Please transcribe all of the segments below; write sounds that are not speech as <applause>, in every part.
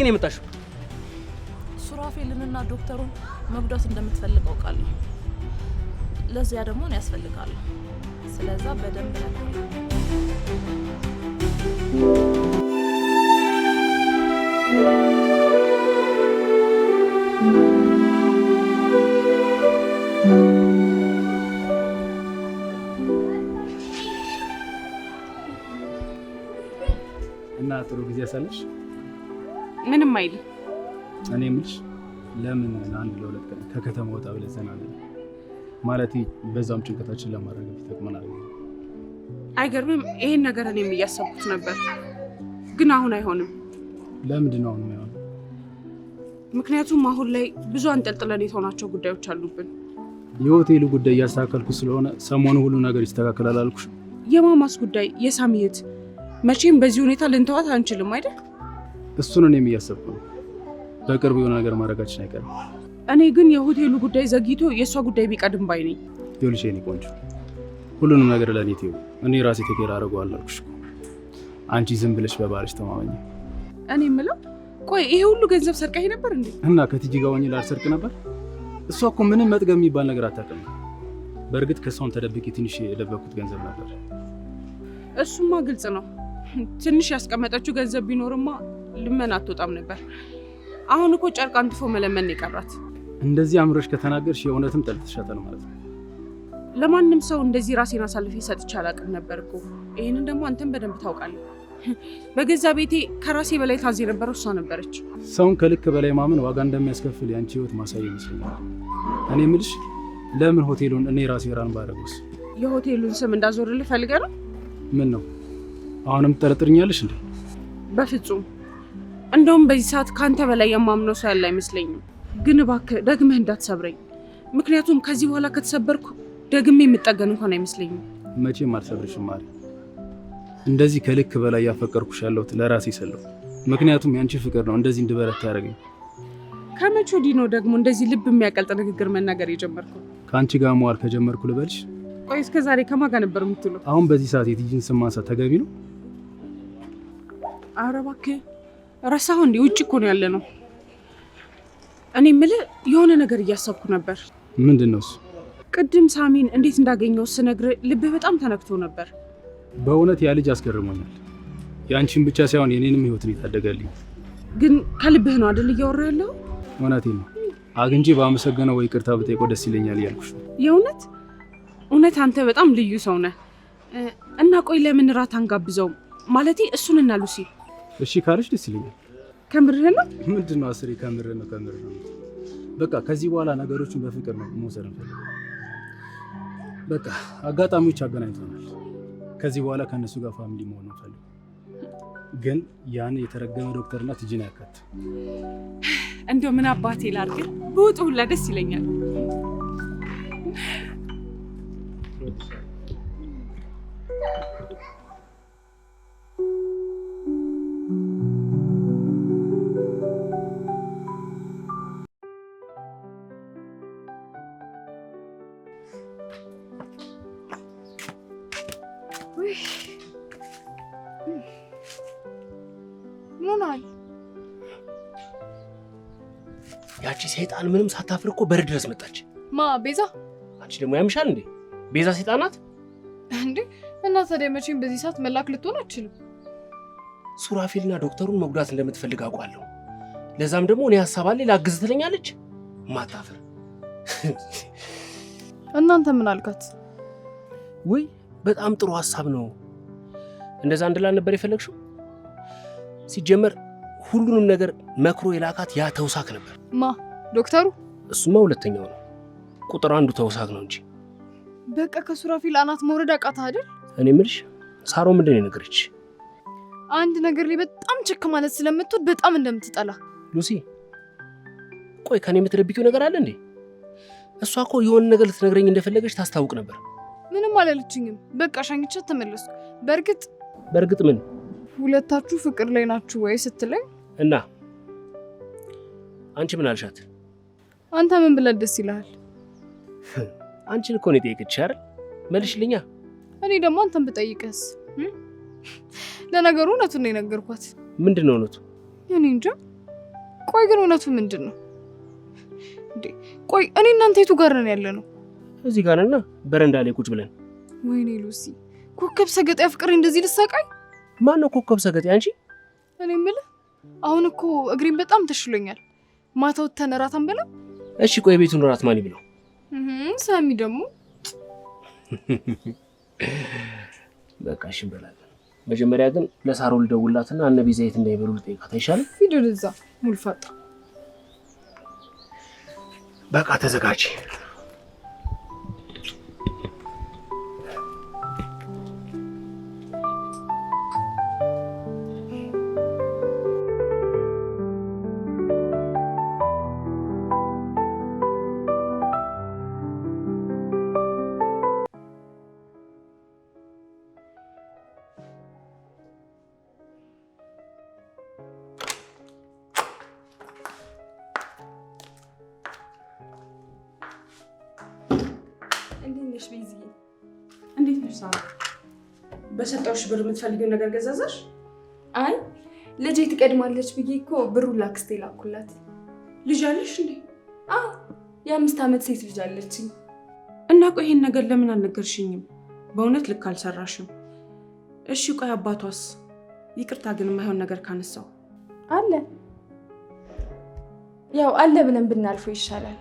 ግን የመጣሽው? ሱራፌልንና ዶክተሩን መጉዳት እንደምትፈልግ አውቃለሁ። ለዚያ ደግሞ ነው ያስፈልጋል። ስለዛ በደንብ እና ጥሩ ጊዜ ያሳለሽ ምንም አይል እኔ የምልሽ ለምን ለአንድ ለሁለት ቀን ከከተማ ወጣ ብለን ዘና ማለት በዛም ጭንቀታችን ለማድረግ ይጠቅመናል። አይገርምም? ይሄን ነገር እኔ እያሰብኩት ነበር፣ ግን አሁን አይሆንም። ለምንድን ነው አሁን የማይሆን? ምክንያቱም አሁን ላይ ብዙ አንጠልጥለን የተሆናቸው ጉዳዮች አሉብን። የሆቴሉ ጉዳይ እያስተካከልኩ ስለሆነ ሰሞኑ ሁሉ ነገር ይስተካከላል አልኩሽ። የማማስ ጉዳይ፣ የሳሚየት መቼም በዚህ ሁኔታ ልንተዋት አንችልም አይደል? እሱን እኔም እያሰብኩ ነው። በቅርቡ የሆነ ነገር ማድረጋችን አይቀርም። እኔ ግን የሆቴሉ ጉዳይ ዘግይቶ የእሷ ጉዳይ ቢቀድም ባይ ነኝ። ይኸውልሽ የእኔ ቆንጆ ሁሉንም ነገር ለእኔ ትይው። እኔ ራሴ ተገር አደርገዋለሁ አልኩሽ። አንቺ ዝም ብለሽ በባልሽ ተማመኝ። እኔ የምለው ቆይ ይሄ ሁሉ ገንዘብ ሰርቀኝ ነበር እንዴ? እና ከትጂ ጋር ሆኜ ላልሰርቅ ነበር? እሷ እኮ ምንም መጥገብ የሚባል ነገር አታውቅም። በእርግጥ ከሰውን ተደብቄ ትንሽ የደበኩት ገንዘብ ነበር። እሱማ ግልጽ ነው። ትንሽ ያስቀመጠችው ገንዘብ ቢኖርማ ልመና አትወጣም ነበር። አሁን እኮ ጨርቅ አንጥፎ መለመን የቀራት። እንደዚህ አምሮሽ ከተናገርሽ የእውነትም ጠልትሻታል ማለት ነው። ለማንም ሰው እንደዚህ ራሴን አሳልፌ ሰጥቼ አላውቅም ነበር እኮ። ይህንን ደግሞ አንተም በደንብ ታውቃለህ። በገዛ ቤቴ ከራሴ በላይ ታዝ የነበረው እሷ ነበረች። ሰውን ከልክ በላይ ማመን ዋጋ እንደሚያስከፍል ያንቺ ህይወት ማሳያ ይመስለኛል። እኔ ምልሽ ለምን ሆቴሉን እኔ ራሴ ራን ባደረገውስ? የሆቴሉን ስም እንዳዞርልህ ፈልገህ ነው? ምን ነው አሁንም ትጠረጥርኛለሽ እንዴ? በፍጹም እንደውም በዚህ ሰዓት ከአንተ በላይ የማምነው ሰው ያለ አይመስለኝም። ግን እባክህ ደግመህ እንዳትሰብረኝ፣ ምክንያቱም ከዚህ በኋላ ከተሰበርኩ ደግሜ የምጠገን እንኳን አይመስለኝም። መቼም አልሰብርሽም ማሪ። እንደዚህ ከልክ በላይ ያፈቀርኩሽ ያለሁት ለራሴ ሰለሁ፣ ምክንያቱም ያንቺ ፍቅር ነው እንደዚህ እንድበረታ ያደረገኝ። ከመቼ ወዲህ ነው ደግሞ እንደዚህ ልብ የሚያቀልጥ ንግግር መናገር የጀመርኩ? ከአንቺ ጋር መዋል ከጀመርኩ ልበልሽ። ቆይ እስከ ዛሬ ከማን ጋር ነበር የምትውለው? አሁን በዚህ ሰዓት የቲጂን ስም ማንሳት ተገቢ ነው? ኧረ እባክህ ረሳሁ እንዴ? ውጭ እኮ ነው ያለ ነው። እኔ የምልህ የሆነ ነገር እያሰብኩ ነበር። ምንድን ነው እሱ? ቅድም ሳሚን እንዴት እንዳገኘው ስነግር ልብህ በጣም ተነክቶ ነበር። በእውነት ያ ልጅ አስገርሞኛል። የአንቺን ብቻ ሳይሆን የኔንም ህይወትን ይታደጋልኝ። ግን ከልብህ ነው አይደል እያወራ ያለው? እውነቴ ነው። አግንጂ ባመሰገነው ወይ ቅርታ ብጠይቆ ደስ ይለኛል እያልኩሽ። የእውነት እውነት አንተ በጣም ልዩ ሰው ነህ። እና ቆይ ለምን ራት አንጋብዘውም? ማለቴ እሱንና ሉሲ እሺ ካልሽ ደስ ይለኛል። ከምርህ ነው? ምንድን ነው አስሬ? ነው ከምርህ ነው። በቃ ከዚህ በኋላ ነገሮችን በፍቅር ነው መውሰድ እንፈልጋለን። በቃ አጋጣሚዎች አገናኝተናል። ከዚህ በኋላ ከእነሱ ጋር ፋሚሊ መሆን እንፈልግ፣ ግን ያን የተረገመ ዶክተርና ትጂን ያካት እንዲያው ምን አባቴ ላርግ? ብውጡ ሁላ ደስ ይለኛል። ምናል ያቺ ሰይጣን ምንም ሳታፍር እኮ በር ድረስ መጣች። ማ ቤዛ? አንቺ ደግሞ ያምሻል እንዴ? ቤዛ ሰይጣን ናት እንዴ? እና ታዲያ መቼም በዚህ ሰዓት መላክ ልትሆን አትችልም። ሱራፌልና ዶክተሩን መጉዳት እንደምትፈልግ አውቃለሁ። ለዛም ደግሞ እኔ ሀሳብ አለኝ ላግዝ ትለኛለች። ማታፍር። እናንተ ምን አልካት? ውይ በጣም ጥሩ ሀሳብ ነው። እንደዛ እንድላል ነበር የፈለግሽው? ሲጀመር ሁሉንም ነገር መክሮ የላካት ያ ተውሳክ ነበር። ማ ዶክተሩ? እሱማ ሁለተኛው ነው። ቁጥር አንዱ ተውሳክ ነው እንጂ በቃ ከሱራፊል አናት መውረድ አቃታ አይደል? እኔ ምልሽ ሳሮ ምንድን የነገረች? አንድ ነገር ላይ በጣም ቸክ ማለት ስለምትወድ በጣም እንደምትጠላ። ሉሲ ቆይ ከኔ የምትደብቂው ነገር አለ እንዴ? እሷ እኮ የሆነ ነገር ልትነግረኝ እንደፈለገች ታስታውቅ ነበር። ምንም አላለችኝም። በቃ ሻኝቻት ተመለሱ። በእርግጥ በእርግጥ ምን ሁለታችሁ ፍቅር ላይ ናችሁ ወይ ስትለኝ እና አንቺ ምን አልሻት? አንተ ምን ብለህ ደስ ይልሃል? <laughs> አንቺን እኮ ነው የጠየቅሽ አይደል? መልሽልኛ። እኔ ደግሞ አንተን ብጠይቀስ? ለነገሩ እውነቱን ነው የነገርኳት። ምንድን ነው እውነቱ? እኔ እንጃ። ቆይ ግን እውነቱ ምንድን ነው? ቆይ እኔ እናንተ የቱ ጋር ነን ያለ ነው? እዚህ ጋር እና በረንዳ ላይ ቁጭ ብለን። ወይኔ ሉሲ፣ ኮከብ ሰገጤ ፍቅሬ፣ እንደዚህ ልሳቃኝ። ነው ኮከብ ሰገጤ አንቺ? እኔ ምል አሁን እኮ እግሬን በጣም ተሽሎኛል። ማታ ወተን እራት አንበላም? እሺ ቆይ ቤቱን እራት ማን ይብለው? ሳሚ ደግሞ <laughs> በቃ እሺ እንበላለን። መጀመሪያ ግን ለሳሮ ልደውላትና እነ ዘይት እንዳይበሉ ልጠይቃት አይሻልም? ሂድ ወደዛ ሙልፋጣ። በቃ ተዘጋጅ። ሳራ፣ በሰጠሁሽ ብር የምትፈልጊውን ነገር ገዛዛሽ? አይ ልጄ ትቀድማለች ብዬ እኮ ብሩ ላክስቴ ላኩላት። ልጅ አለሽ እንዴ? አዎ የአምስት ዓመት ሴት ልጅ አለችኝ። እና ቆይ ይሄን ነገር ለምን አልነገርሽኝም? በእውነት ልክ አልሰራሽም። እሺ ቆይ አባቷስ? ይቅርታ ግን የማይሆን ነገር ካነሳው አለ ያው አለ ብለን ብናልፈው ይሻላል።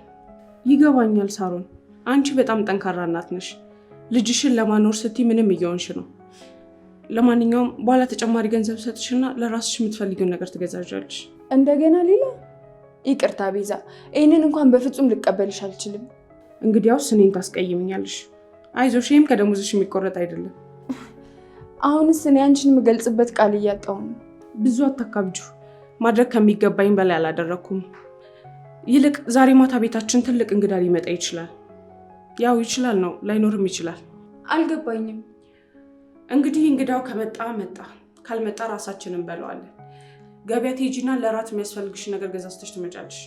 ይገባኛል ሳሮን፣ አንቺ በጣም ጠንካራ እናት ነሽ። ልጅሽን ለማኖር ስቲ ምንም እየሆንሽ ነው። ለማንኛውም በኋላ ተጨማሪ ገንዘብ ሰጥሽና ለራስሽ የምትፈልጊውን ነገር ትገዛጃለሽ። እንደገና ሌላ ይቅርታ ቤዛ፣ ይህንን እንኳን በፍጹም ልቀበልሽ አልችልም። እንግዲያውስ እኔን ታስቀይምኛለሽ። አይዞሽ፣ ይህም ከደሞዝሽ የሚቆረጥ አይደለም። አሁንስ እኔ አንቺን የምገልጽበት ቃል እያጣሁ ነው። ብዙ አታካብጁ። ማድረግ ከሚገባኝ በላይ አላደረግኩም። ይልቅ ዛሬ ማታ ቤታችን ትልቅ እንግዳ ሊመጣ ይችላል። ያው ይችላል ነው ላይኖርም ይችላል። አልገባኝም። እንግዲህ እንግዳው ከመጣ መጣ፣ ካልመጣ ራሳችንን በለዋለን። ገበያ ትሄጂና ለራት የሚያስፈልግሽ ነገር ገዛዝተሽ ትመጫለሽ።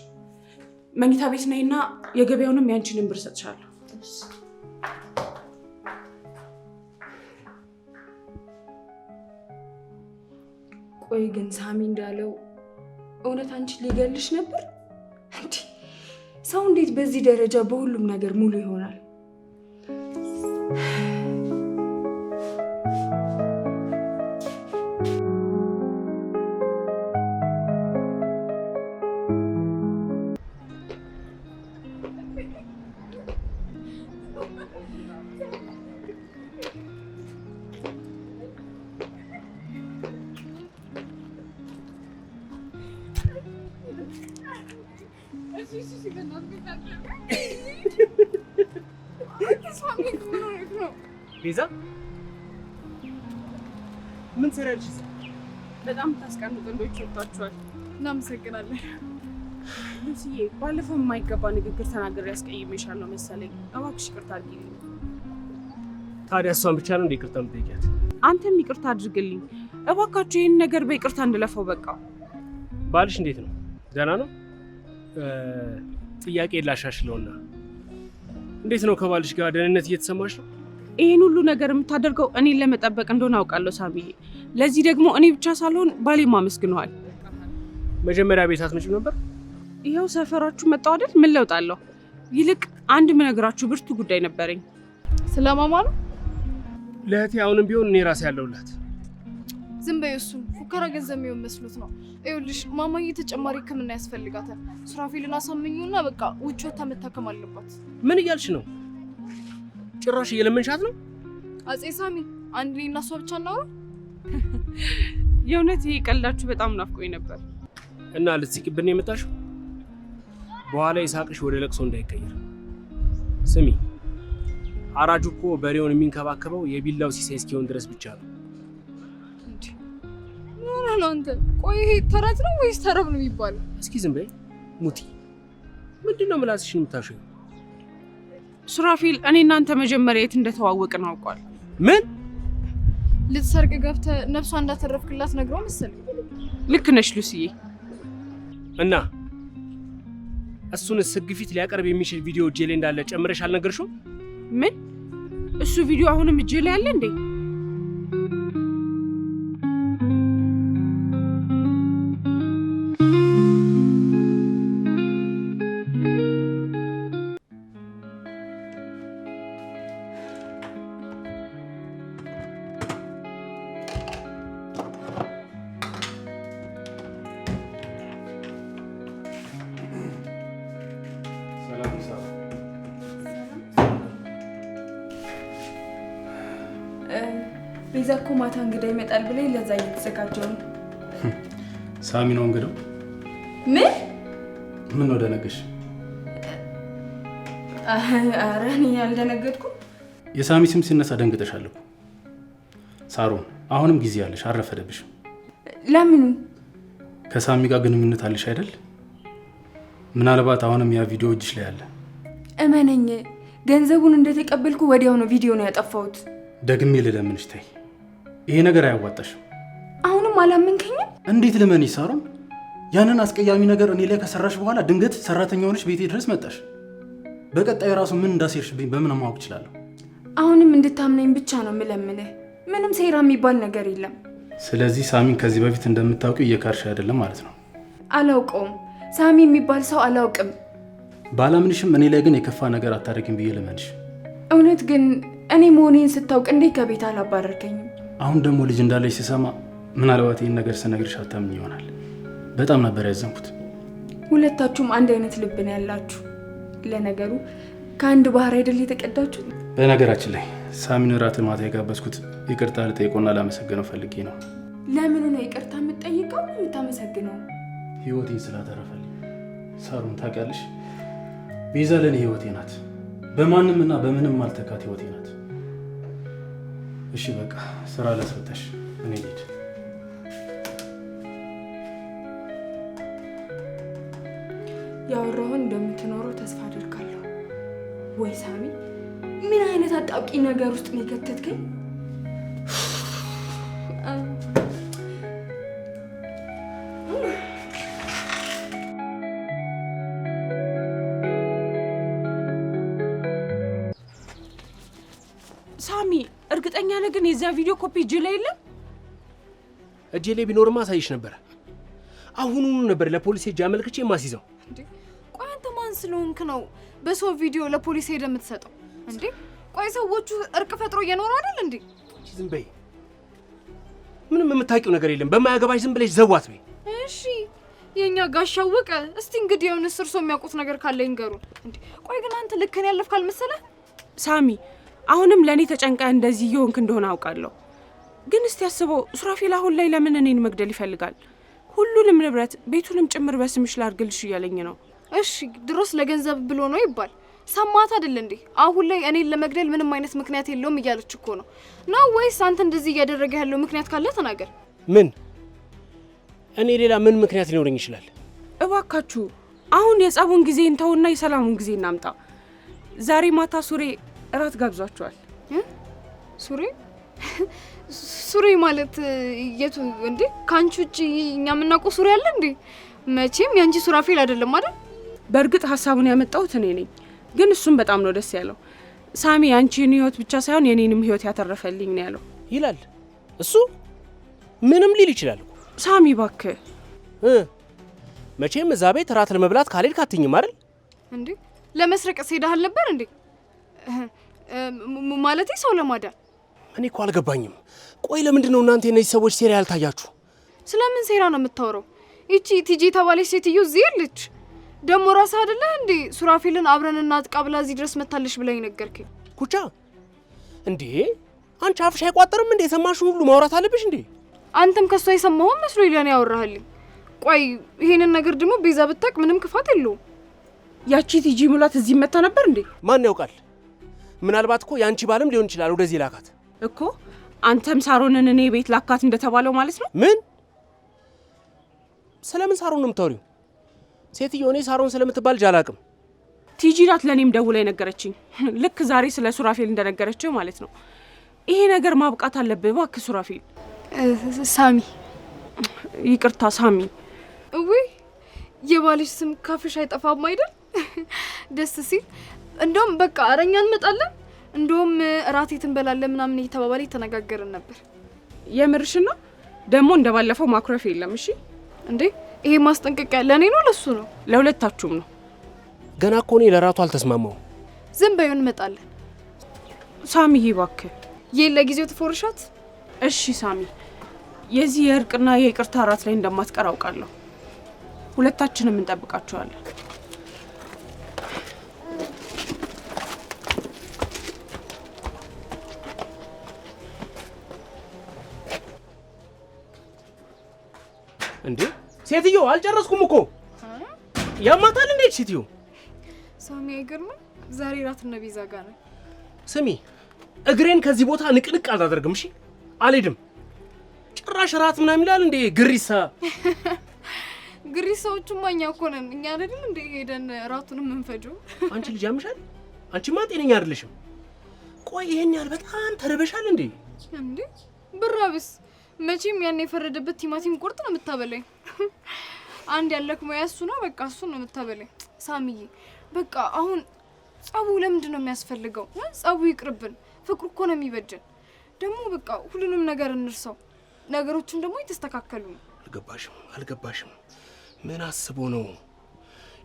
መኝታ ቤት ነይና የገበያውንም ያንቺንም ብር ሰጥሻለሁ። ቆይ ግን ሳሚ እንዳለው እውነት አንቺ ሊገልሽ ነበር? ሰው እንዴት በዚህ ደረጃ በሁሉም ነገር ሙሉ ይሆናል? የቀኑ ጥንዶች ወጥታችኋል። እናመሰግናለን። ሉሲዬ፣ ባለፈው የማይገባ ንግግር ተናግሬ አስቀይሜሻለሁ መሰለኝ። እባክሽ ይቅርታ አድርጊልኝ። ታዲያ እሷን ብቻ ነው እንደ ይቅርታ የምጠይቂያት? አንተም ይቅርታ አድርግልኝ እባካችሁ። ይህን ነገር በይቅርታ እንድለፈው በቃ። ባልሽ እንዴት ነው? ደህና ነው? ጥያቄ ላሻሽለውና እንዴት ነው ከባልሽ ጋር ደህንነት እየተሰማሽ ነው? ይህን ሁሉ ነገር የምታደርገው እኔን ለመጠበቅ እንደሆነ አውቃለሁ ሳሚዬ ለዚህ ደግሞ እኔ ብቻ ሳልሆን ባሌም አመስግነዋል። መጀመሪያ ቤት አትመጭም ነበር? ይኸው ሰፈራችሁ መጣሁ አይደል? ምን ለውጥ አለው? ይልቅ አንድ ምነግራችሁ ብርቱ ጉዳይ ነበረኝ። ስለማማ ነው? ለእህቴ አሁንም ቢሆን እኔ ራሴ ያለውላት። ዝም በይ እሱ ፉከራ ገንዘብ የሚሆን መስሎት ነው። ይኸውልሽ ማማዬ ተጨማሪ ሕክምና ያስፈልጋታል። ሱራፌልን አሳምኚውና በቃ ውጭ ወታ መታከም አለባት። ምን እያልሽ ነው? ጭራሽ እየለመንሻት ነው? አፄ ሳሚ አንድ እኔ እና እሷ ብቻ እናውራ የእውነት ይሄ ቀልዳችሁ በጣም ናፍቆኝ ነበር። እና ልትስቂብን የመጣሽው? በኋላ ይሳቅሽ ወደ ለቅሶ እንዳይቀየር። ስሚ አራጁ እኮ በሬውን የሚንከባከበው የቢላው ሲሳይ እስኪሆን ድረስ ብቻ ነው። አንተ ቆይ ይሄ ተረት ነው ወይስ ተረብ ነው የሚባለው? እስኪ ዝም በይ ሙቲ። ምንድን ነው ምላስሽን የምታሸው? ሱራፊል እኔ እናንተ መጀመሪያ የት እንደተዋወቅን አውቋል። ምን ልትሰርቅ ገብተ ነፍሷ እንዳተረፍክላት ነግሮ መሰለኝ። ልክ ነሽ ሉሲዬ። እና እሱን ህግ ፊት ሊያቀርብ የሚችል ቪዲዮ እጄ ላይ እንዳለ ጨምረሽ አልነገርሽውም? ምን? እሱ ቪዲዮ አሁንም እጄ ላይ አለ እንዴ? ሳሚ ነው እንግዳው። ምን ምን ነው ደነገሽ? ኧረ እኔ አልደነገጥኩም። የሳሚ ስም ሲነሳ ደንግጠሻል እኮ ሳሮን። አሁንም ጊዜ አለሽ፣ አረፈደብሽ። ለምን ከሳሚ ጋር ግንኙነት አለሽ አይደል? ምናልባት አሁንም ያ ቪዲዮ እጅሽ ላይ አለ። እመነኝ፣ ገንዘቡን እንደተቀበልኩ ወዲያው ነው ቪዲዮ ነው ያጠፋሁት። ደግሜ ልለምንሽ፣ ተይ፣ ይሄ ነገር አያዋጣሽም። አላመንከኝም? እንዴት ልመን ይሳሩን ያንን አስቀያሚ ነገር እኔ ላይ ከሰራሽ በኋላ ድንገት ሰራተኛ ሆነሽ ቤቴ ድረስ መጣሽ። በቀጣይ ራሱ ምን እንዳሴርሽብኝ በምን ማወቅ እችላለሁ? አሁንም እንድታምነኝ ብቻ ነው የምለምንህ። ምንም ሴራ የሚባል ነገር የለም። ስለዚህ ሳሚን ከዚህ በፊት እንደምታውቂው እየካርሽ አይደለም ማለት ነው? አላውቀውም። ሳሚ የሚባል ሰው አላውቅም። ባላምንሽም እኔ ላይ ግን የከፋ ነገር አታደርግም ብዬ ልመንሽ። እውነት ግን እኔ መሆኔን ስታውቅ እንዴት ከቤት አላባረርከኝም? አሁን ደግሞ ልጅ እንዳለች ሲሰማ ምናልባት ይህን ነገር ስነግርሽ አታምኝ ይሆናል። በጣም ነበር ያዘንኩት። ሁለታችሁም አንድ አይነት ልብ ነው ያላችሁ። ለነገሩ ከአንድ ባህር አይደል የተቀዳችሁ በነገራችን ላይ ሳሚን ራት ማታ የጋበዝኩት ይቅርታ ልጠይቆና ላመሰግነው ፈልጌ ነው። ለምኑ ነው ይቅርታ የምጠይቀው? የምታመሰግነው ህይወቴን ስላተረፈልኝ። ሳሩን ታውቂያለሽ፣ ቤዛ ለእኔ ህይወቴ ናት። በማንም እና በምንም ማልተካት ህይወቴ ናት። እሺ በቃ ስራ ላስፈታሽ፣ እኔ ሄድ ያወራሁን እንደምትኖሩ ተስፋ አድርጋለሁ። ወይ ሳሚ፣ ምን አይነት አጣብቂ ነገር ውስጥ ነው የከተትከኝ? ሳሚ፣ እርግጠኛ ነህ ግን የዚያ ቪዲዮ ኮፒ እጅ ላይ የለም? እጄ ላይ ቢኖርማ አሳይሽ ነበረ። አሁኑኑ ነበር ለፖሊስ ሄጄ አመልክቼ ማስይዘው። ስለሆንክ ነው በሰው ቪዲዮ ለፖሊስ ሄደ የምትሰጠው እንዴ? ቆይ ሰዎቹ እርቅ ፈጥሮ እየኖሩ አይደል እንዴ? ዝም በይ። ምንም የምታውቂው ነገር የለም። በማያገባሽ ዝም ብለሽ ዘዋት በይ። እሺ የእኛ ጋሻ አወቀ፣ እስቲ እንግዲህ ስር ሰው የሚያውቁት ነገር ካለ ይንገሩ። እንዴ ቆይ ግን አንተ ልክን ያለፍክ አልመሰለህ ሳሚ? አሁንም ለእኔ ተጨንቀህ እንደዚህ እየሆንክ እንደሆነ አውቃለሁ። ግን እስቲ አስበው ሱራፌል አሁን ላይ ለምን እኔን መግደል ይፈልጋል? ሁሉንም ንብረት ቤቱንም ጭምር በስምሽ ላርግልሽ እያለኝ ነው። እሺ ድሮስ ለገንዘብ ብሎ ነው ይባል ሰማት አይደል እንዴ? አሁን ላይ እኔን ለመግደል ምንም አይነት ምክንያት የለውም እያለች እኮ ነው። ነው ወይስ አንተ እንደዚህ እያደረገ ያለው ምክንያት ካለ ተናገር። ምን እኔ ሌላ ምን ምክንያት ሊኖረኝ ይችላል? እባካችሁ አሁን የጸቡን ጊዜ እንተውና የሰላሙን ጊዜ እናምጣ። ዛሬ ማታ ሱሬ እራት ጋብዟቸዋል። ሱሬ ሱሬ ማለት የቱ እንዴ? ከአንቺ ውጭ እኛ የምናውቀው ሱሬ አለ እንዴ? መቼም የአንቺ ሱራፌል አይደለም አይደል? በእርግጥ ሀሳቡን ያመጣሁት እኔ ነኝ፣ ግን እሱም በጣም ነው ደስ ያለው። ሳሚ አንቺን ህይወት ብቻ ሳይሆን የኔንም ህይወት ያተረፈልኝ ነው ያለው ይላል እሱ። ምንም ሊል ይችላል። ሳሚ ባክ መቼም እዛ ቤት እራት ለመብላት ካልሄድክ ካትኝም አይደል እንዴ? ለመስረቅ ስሄዳሃል ነበር እንዴ? ማለቴ ሰው ለማዳን። እኔ እኮ አልገባኝም። ቆይ ለምንድን ነው እናንተ የነዚህ ሰዎች ሴራ ያልታያችሁ? ስለምን ሴራ ነው የምታወረው? ይቺ ቲጂ የተባለች ሴትዮ እዚህ የለች ደሞ ራስ አይደለ እንዴ ሱራፌልን አብረን እናጥቃ ብላ እዚህ ድረስ መታለሽ ብለኝ ነገርከኝ። ኩቻ እንዴ አንቺ አፍሽ አይቋጠርም እንዴ? የሰማሽውን ሁሉ ማውራት አለብሽ እንዴ? አንተም ከሷ አይሰማው መስሎ ለኔ ያወራህልኝ። ቆይ ይሄንን ነገር ደግሞ ቤዛ ብታቅ ምንም ክፋት የለውም። ያቺ ቲጂ ሙላት እዚህ መታ ነበር እንዴ? ማን ያውቃል? ምናልባት እኮ የአንቺ ባልም ሊሆን ይችላል ወደዚህ ላካት እኮ። አንተም ሳሮንን እኔ ቤት ላካት እንደተባለው ማለት ነው። ምን ስለምን ሳሮን ነው የምታወሪው? ሴትዮ እኔ ሳሮን ስለምትባል ጃላቅም ቲጂ ናት ለእኔም ደውላ የነገረችኝ። ልክ ዛሬ ስለ ሱራፌል እንደነገረችው ማለት ነው። ይሄ ነገር ማብቃት አለብህ እባክህ ሱራፌል። ሳሚ ይቅርታ ሳሚ። ውይ የባልሽ ስም ካፍሽ አይጠፋም አይደል? ደስ ሲል እንደውም በቃ አረኛ እንመጣለን እንደውም እራት ትንበላለን ምናምን እየተባባለ የተነጋገርን ነበር። የምርሽና ደግሞ እንደባለፈው ማኩረፍ የለም። እሺ እንዴ ይሄ ማስጠንቀቂያ ለእኔ ነው ለሱ ነው? ለሁለታችሁም ነው። ገና እኮ እኔ ለራቱ አልተስማማው። ዝም በይው እንመጣለን። ሳሚዬ እባክህ ይህ ለጊዜው ትፎርሻት። እሺ ሳሚ፣ የዚህ የእርቅና የይቅርታ እራት ላይ እንደማትቀር አውቃለሁ። ሁለታችንም እንጠብቃችኋለን። ሴትዮ አልጨረስኩም እኮ ያማታል። እንዴት ሴትዮ ሳሚ፣ አይገርምም? ዛሬ ራት እነ ቤዛ ጋር ነኝ። ስሚ፣ እግሬን ከዚህ ቦታ ንቅንቅ አላደርግም። እሺ፣ አልሄድም። ጭራሽ ራት ምናምን ይላል እንዴ ግሪሳ። <laughs> ግሪሳዎቹማ እኛ እኮ ነን። እኛ አይደለም እንዴ ሄደን ራቱን የምንፈጀው? <laughs> አንቺ ልጅ ያምሻል። አንቺማ ጤነኛ አይደለሽም። ቆይ ይሄን ያህል በጣም ተርበሻል እንዴ? እንዴ ብራብስ መቼም ያን የፈረደበት ቲማቲም ቁርጥ ነው የምታበላኝ። <laughs> አንድ ያለክ ሙያ እሱ ነው፣ በቃ እሱ ነው የምታበላኝ። ሳሚዬ በቃ አሁን ጸቡ ለምንድን ነው የሚያስፈልገው? ጸቡ ይቅርብን። ፍቅሩ እኮ ነው የሚበጀን። ደግሞ በቃ ሁሉንም ነገር እንርሰው። ነገሮችን ደግሞ የተስተካከሉ ነው። አልገባሽም አልገባሽም። ምን አስቦ ነው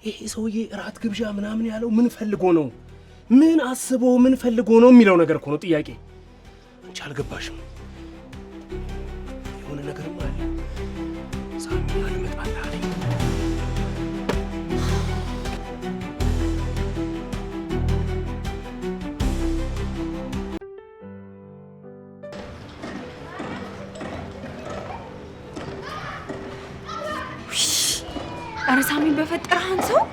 ይሄ ሰውዬ? እራት ግብዣ ምናምን ያለው ምን ፈልጎ ነው? ምን አስቦ ምን ፈልጎ ነው የሚለው ነገር እኮ ነው ጥያቄ። አንቺ አልገባሽም ኧረ ሳሚ በፈጠረ አንድ ሰው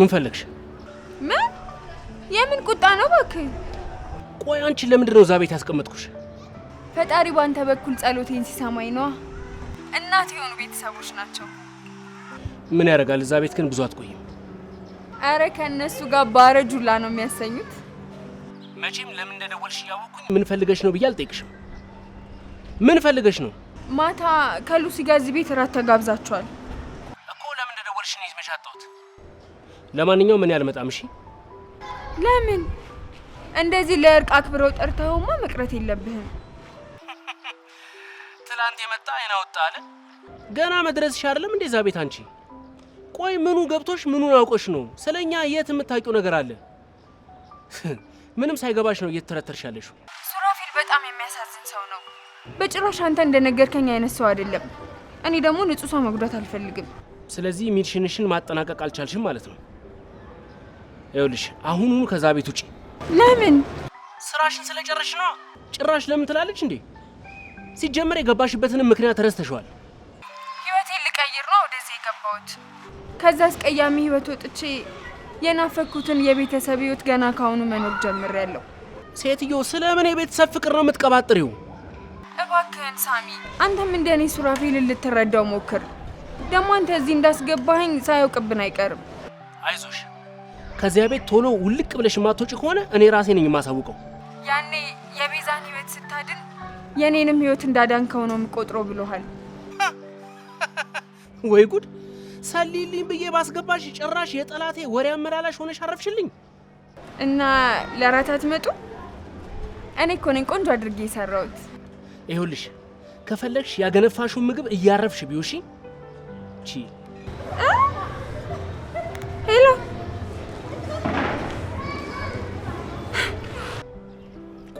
ምን ፈለግሽ? እባክህ። ቆይ አንቺን ለምንድን ነው እዛ ቤት ያስቀመጥኩሽ? ፈጣሪ ባንተ በኩል ጸሎቴን ሲሰማኝ ነዋ። እናት የሆኑ ቤተሰቦች ናቸው። ምን ያደርጋል፣ እዛ ቤት ግን ብዙ አትቆይም። አረ ከእነሱ ጋር ባረጁላ ነው የሚያሰኙት። መቼም ለምን እንደደወልሽ እያወቅኩኝ ምን ፈልገሽ ነው ብዬ አልጠይቅሽም። ምን ፈልገሽ ነው? ማታ ከሉሲ ጋር እዚህ ቤት እራት ተጋብዛችኋል እኮ። ለምን እንደደወልሽ ነው ይዝመሻጣሁት። ለማንኛውም ምን አልመጣም። እሺ ለምን እንደዚህ ለእርቅ አክብረው ጠርተውማ መቅረት የለብህም። <laughs> ትላንት የመጣ አይን አወጣ አለ። ገና መድረስሽ አይደለም እንደዛ ቤት አንቺ። ቆይ ምኑ ገብቶሽ ምኑን አውቆሽ ነው? ስለኛ የት የምታውቂው ነገር አለ? <laughs> ምንም ሳይገባሽ ነው እየተረተርሻለሽ። ሱራፊል በጣም የሚያሳዝን ሰው ነው። በጭራሽ አንተ እንደነገርከኝ አይነት ሰው አይደለም። እኔ ደግሞ ንጹህ ሰው መጉዳት አልፈልግም። ስለዚህ ሚሽንሽን ማጠናቀቅ አልቻልሽም ማለት ነው። ይኸውልሽ አሁኑኑ ከዛ ቤት ውጪ ለምን? ስራሽን ስለጨረሽ ነው። ጭራሽ ለምን ትላለች እንዴ? ሲጀመር የገባሽበትንም ምክንያት ረስተሽዋል። ህይወቴን ልቀይር ነው ወደዚህ የገባሁት። ከዛ አስቀያሚ ህይወት ወጥቼ የናፈኩትን የቤተሰብ ህይወት ገና ካሁኑ መኖር ጀምሬያለሁ። ሴትዮ ስለምን የቤተሰብ ፍቅር ነው የምትቀባጥሪው? እባክህን ሳሚ፣ አንተም እንደ እኔ ሱራፌልን ልትረዳው ሞክር። ደግሞ አንተ እዚህ እንዳስገባኸኝ ሳያውቅብን አይቀርም። አይዞሽ ከዚያ ቤት ቶሎ ውልቅ ብለሽ ማትወጪ ከሆነ እኔ ራሴ ነኝ የማሳውቀው። ያኔ የቤዛን ህይወት ስታድን የእኔንም ህይወት እንዳዳንከው ነው ምቆጥሮ ብሎሃል። <laughs> ወይ ጉድ! ሰሊልኝ ብዬ ባስገባሽ ጭራሽ የጠላቴ ወሬ አመላላሽ ሆነሽ አረፍሽልኝ። እና ለራት አትመጡ? እኔ እኮ ነኝ ቆንጆ አድርጌ የሰራሁት። ይኸውልሽ ከፈለግሽ ያገነፋሽውን ምግብ እያረፍሽ ቢውሺ ቺ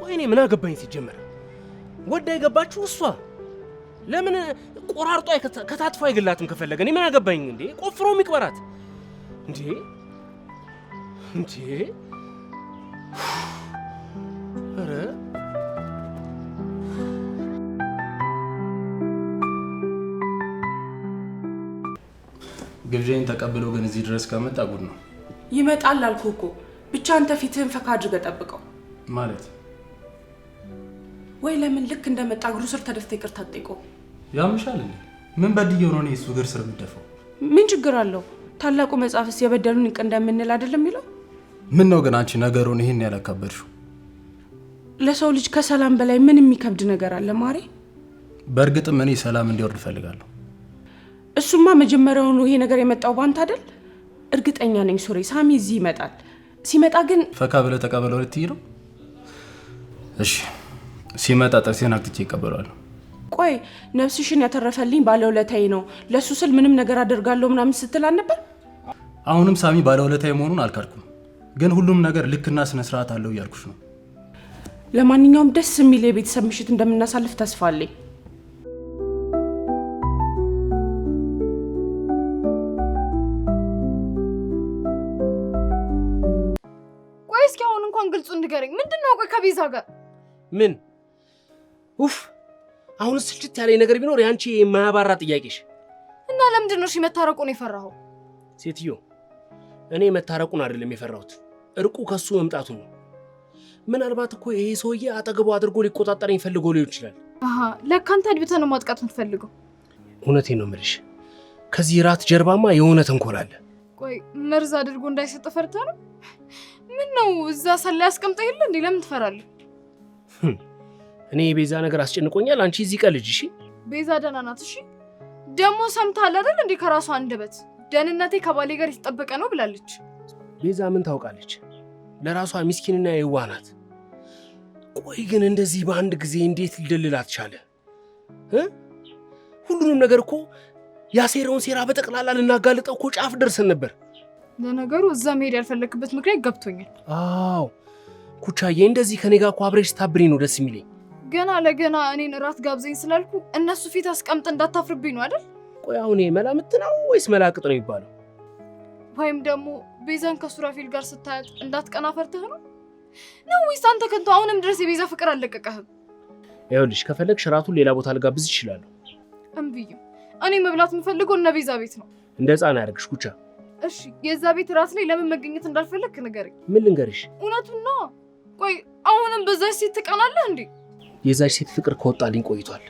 ቆይ እኔ ምን አገባኝ? ሲጀመር ወዳ የገባችሁ እሷ ለምን ቆራርጦ ከታትፎ አይገላትም? ከፈለገ እኔ ምን አገባኝ እንዴ? ቆፍሮ ይቅበራት እንዴ እንዴ! ኧረ ግብዣይን ተቀብሎ ግን እዚህ ድረስ ከመጣ ጉድ ነው። ይመጣል አልኩህ እኮ ብቻ አንተ ፊትህን ፈካ አድርገህ ጠብቀው ማለት ወይ ለምን ልክ እንደመጣ እግሩ ስር ተደፍተ ይቅርታ ጠይቆ ያምሻል። ምን በድየው ነው እኔ እሱ እግር ስር የምደፋው? ምን ችግር አለው? ታላቁ መጽሐፍስ የበደሉን ይቅር እንደምንል አይደለም የሚለው? ምን ነው ግን አንቺ ነገሩን ይህን ያላካበድሽው? ለሰው ልጅ ከሰላም በላይ ምን የሚከብድ ነገር አለ ማሬ? በእርግጥም እኔ ሰላም እንዲወርድ እፈልጋለሁ። እሱማ መጀመሪያውኑ ይሄ ነገር የመጣው ባንተ አይደል? እርግጠኛ ነኝ ሱሬ፣ ሳሚ እዚህ ይመጣል። ሲመጣ ግን ፈካ ብለህ ተቀበለው ልትይ ነው? እሺ ሲመጣ ጥርሴን አቅጥቼ ይቀበሏል። ቆይ ነፍስሽን ያተረፈልኝ ባለውለታዬ ነው፣ ለእሱ ስል ምንም ነገር አደርጋለሁ ምናምን ስትል አልነበር? አሁንም ሳሚ ባለውለታዬ መሆኑን አልካድኩም፣ ግን ሁሉም ነገር ልክና ስነ ስርዓት አለው እያልኩሽ ነው። ለማንኛውም ደስ የሚል የቤተሰብ ምሽት እንደምናሳልፍ ተስፋ አለኝ። ቆይ እስኪ አሁን እንኳን ግልጹ ንገረኝ፣ ምንድን ነው ቆይ ከቤዛ ጋር ምን ኡፍ አሁን ስልችት ያለኝ ነገር ቢኖር ያንቺ የማያባራ ጥያቄሽ እና ለምንድን ነው እሺ መታረቁን የፈራኸው? ሴትዮ እኔ መታረቁን አይደለም የፈራሁት እርቁ ከሱ መምጣቱ ነው። ምናልባት እኮ ይሄ ሰውዬ አጠገቡ አድርጎ ሊቆጣጠረኝ ፈልጎ ሊሆን ይችላል። ለካ አድብተ ነው ማጥቃት የምትፈልገው። እውነቴ ነው የምልሽ፣ ከዚህ ራት ጀርባማ የሆነ ተንኮል አለ። ቆይ መርዝ አድርጎ እንዳይሰጥ ፈርተህ ነው? ምን ነው እዛ ሰላይ አስቀምጠህ የለ እንዴ? ለምን ትፈራለህ? እኔ የቤዛ ነገር አስጨንቆኛል። አንቺ እዚህ ቀልጅ። እሺ ቤዛ ደህና ናት። እሺ ደግሞ ሰምተሃል አይደል እንዴ? ከራሷ አንደበት ደህንነቴ ከባሌ ጋር የተጠበቀ ነው ብላለች። ቤዛ ምን ታውቃለች? ለራሷ ሚስኪንና የዋህ ናት። ቆይ ግን እንደዚህ በአንድ ጊዜ እንዴት ልደልላት ቻለ? ሁሉንም ነገር እኮ ያሴረውን ሴራ በጠቅላላ ልናጋልጠው እኮ ጫፍ ደርሰን ነበር። ለነገሩ እዛ መሄድ ያልፈለግበት ምክንያት ገብቶኛል። አዎ ኩቻዬ፣ እንደዚህ ከኔ ጋር እኮ አብረሽ ታብሬ ነው ደስ የሚለኝ ገና ለገና እኔን እራት ጋብዘኝ ስላልኩ እነሱ ፊት አስቀምጥ እንዳታፍርብኝ ነው አይደል? ቆይ አሁን መላምት ነው ወይስ መላቅጥ ነው የሚባለው? ወይም ደግሞ ቤዛን ከሱራፊል ጋር ስታያት እንዳትቀና ፈርተህ ነው ነው ወይስ አንተ ከንቱ አሁንም ድረስ የቤዛ ፍቅር አልለቀቀህም? ይኸውልሽ ከፈለግሽ እራቱን ሌላ ቦታ ልጋብዝ እችላለሁ። እምብይም እኔ መብላት የምፈልገው እነ ቤዛ ቤት ነው። እንደ ሕፃን ያደርግሽ ኩቻ። እሺ የዛ ቤት እራት ላይ ለምን መገኘት እንዳልፈለግክ ንገረኝ። ምን ልንገርሽ? እውነቱን ነው። ቆይ አሁንም በዛች ሴት ትቀናለህ እንዴ? የዛች ሴት ፍቅር ከወጣልኝ ቆይቷል።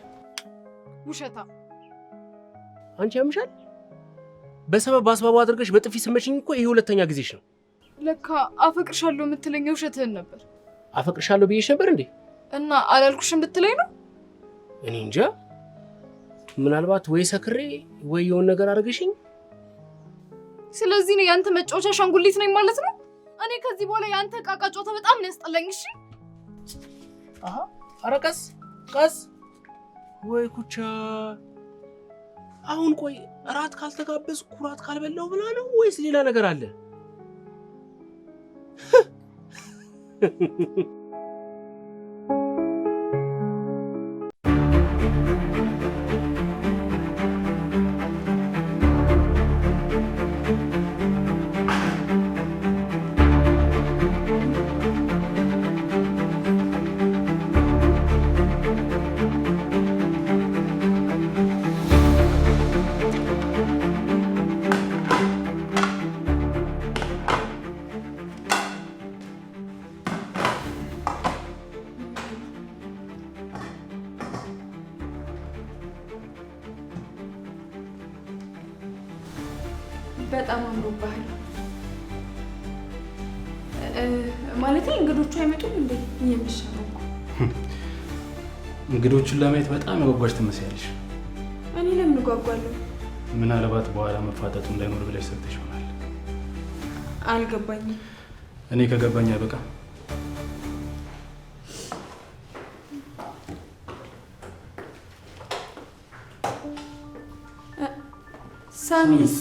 ውሸታ አንቺ ያምሻል። በሰበብ በአስባቡ አድርገሽ በጥፊ ስመሽኝ እኮ ይሄ ሁለተኛ ጊዜሽ ነው። ለካ አፈቅርሻለሁ የምትለኝ ውሸትህን ነበር። አፈቅርሻለሁ ብዬሽ ነበር እንዴ? እና አላልኩሽም ብትለኝ ነው። እኔ እንጃ፣ ምናልባት ወይ ሰክሬ ወይ የሆን ነገር አድርገሽኝ። ስለዚህ ነው የአንተ መጫወቻ አሻንጉሊት ነኝ ማለት ነው። እኔ ከዚህ በኋላ የአንተ ዕቃ ዕቃ ጨዋታ በጣም ነው ያስጠላኝ። እሺ አረ ቀስ ቀስ። ወይ ኩቻ! አሁን ቆይ፣ እራት ካልተጋበዝ ኩራት ካልበላው ብላ ነው ወይስ ሌላ ነገር አለ? እንግዶቹን ለማየት በጣም ያጓጓሽ ትመስያለሽ። እኔ ለምን ጓጓለሁ? ምናልባት በኋላ መፋጠጡ እንዳይኖር ብለሽ ሰጥተሽ ይሆናል። አልገባኝም። እኔ ከገባኝ በቃ ሳሚስ